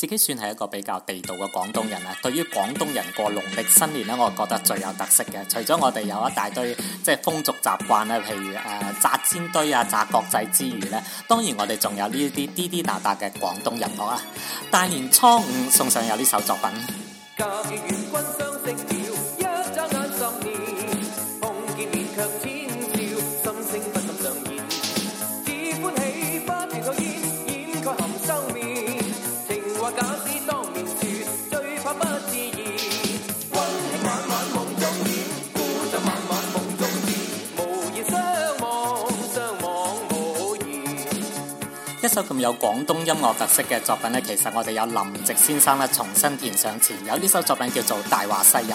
自己算係一個比較地道嘅廣東人啦，對於廣東人過農曆新年咧，我覺得最有特色嘅，除咗我哋有一大堆即係風俗習慣啦，譬如誒、呃、炸煎堆啊、炸角仔之餘咧，當然我哋仲有呢一啲滴滴答答嘅廣東音樂啊。大年初五送上有呢首作品。一首咁有廣東音樂特色嘅作品咧，其實我哋有林夕先生咧重新填上詞，有呢首作品叫做《大話西遊》。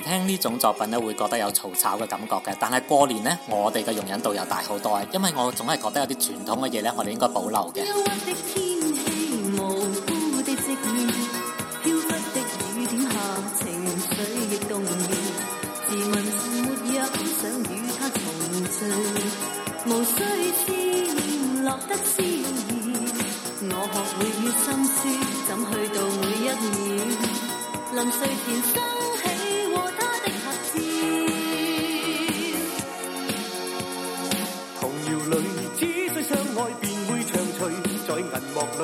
聽呢種作品呢，會覺得有嘈吵嘅感覺嘅，但係過年呢，我哋嘅容忍度又大好多，因為我總係覺得有啲傳統嘅嘢呢，我哋應該保留嘅。天氣無辜的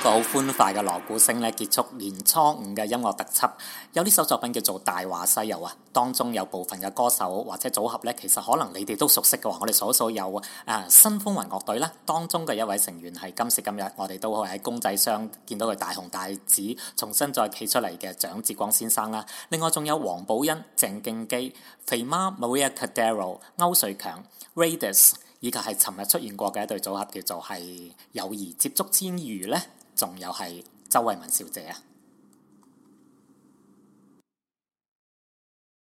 一個好歡快嘅鑼鼓聲咧，結束年初五嘅音樂特輯。有呢首作品叫做《大話西遊》啊，當中有部分嘅歌手或者組合咧，其實可能你哋都熟悉嘅話，我哋所所有啊、呃、新風雲樂隊啦，當中嘅一位成員係今時今日我哋都可以喺公仔箱見到佢大紅大紫，重新再企出嚟嘅蔣志光先生啦、啊。另外仲有黃寶欣、鄭敬基、肥媽 Maria Cordero、歐瑞強、Raidas，以及係尋日出現過嘅一對組合，叫做係友誼接觸之餘咧。仲有係周慧敏小姐啊！